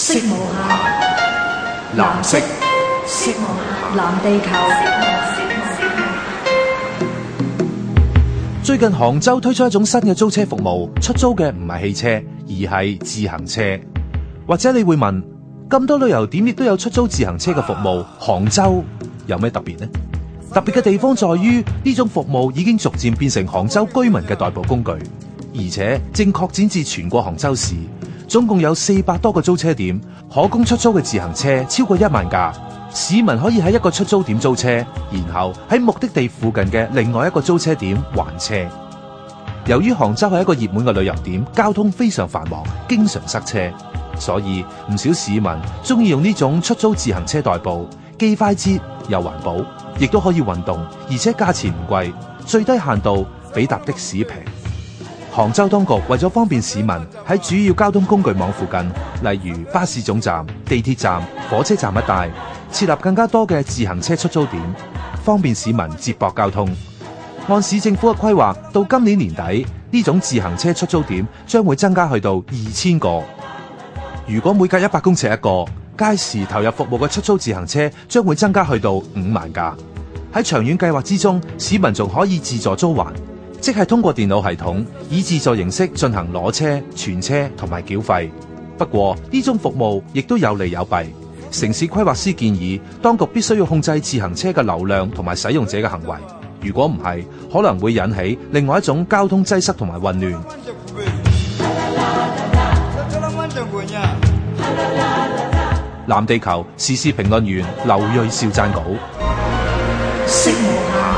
色無限，藍色，色無限，藍地球。最近杭州推出一種新嘅租車服務，出租嘅唔係汽車，而係自行車。或者你會問，咁多旅遊點亦都有出租自行車嘅服務，杭州有咩特別呢？特別嘅地方在於呢種服務已經逐漸變成杭州居民嘅代步工具，而且正擴展至全國杭州市。總共有四百多個租車點，可供出租嘅自行車超過一萬架。市民可以喺一個出租點租車，然後喺目的地附近嘅另外一個租車點還車。由於杭州係一個熱門嘅旅遊點，交通非常繁忙，經常塞車，所以唔少市民中意用呢種出租自行車代步，既快捷又環保，亦都可以運動，而且價錢唔貴，最低限度比搭的士平。杭州當局為咗方便市民喺主要交通工具網附近，例如巴士總站、地鐵站、火車站一帶，設立更加多嘅自行車出租點，方便市民接駁交通。按市政府嘅規劃，到今年年底，呢種自行車出租點將會增加去到二千個。如果每隔一百公尺一個，屆時投入服務嘅出租自行車將會增加去到五萬架。喺長遠計劃之中，市民仲可以自助租還。即係通過電腦系統以自助形式進行攞車、存車同埋繳費。不過呢種服務亦都有利有弊。城市規劃師建議當局必須要控制自行車嘅流量同埋使用者嘅行為。如果唔係，可能會引起另外一種交通擠塞同埋混亂。藍地球時事評論員劉瑞兆撰稿。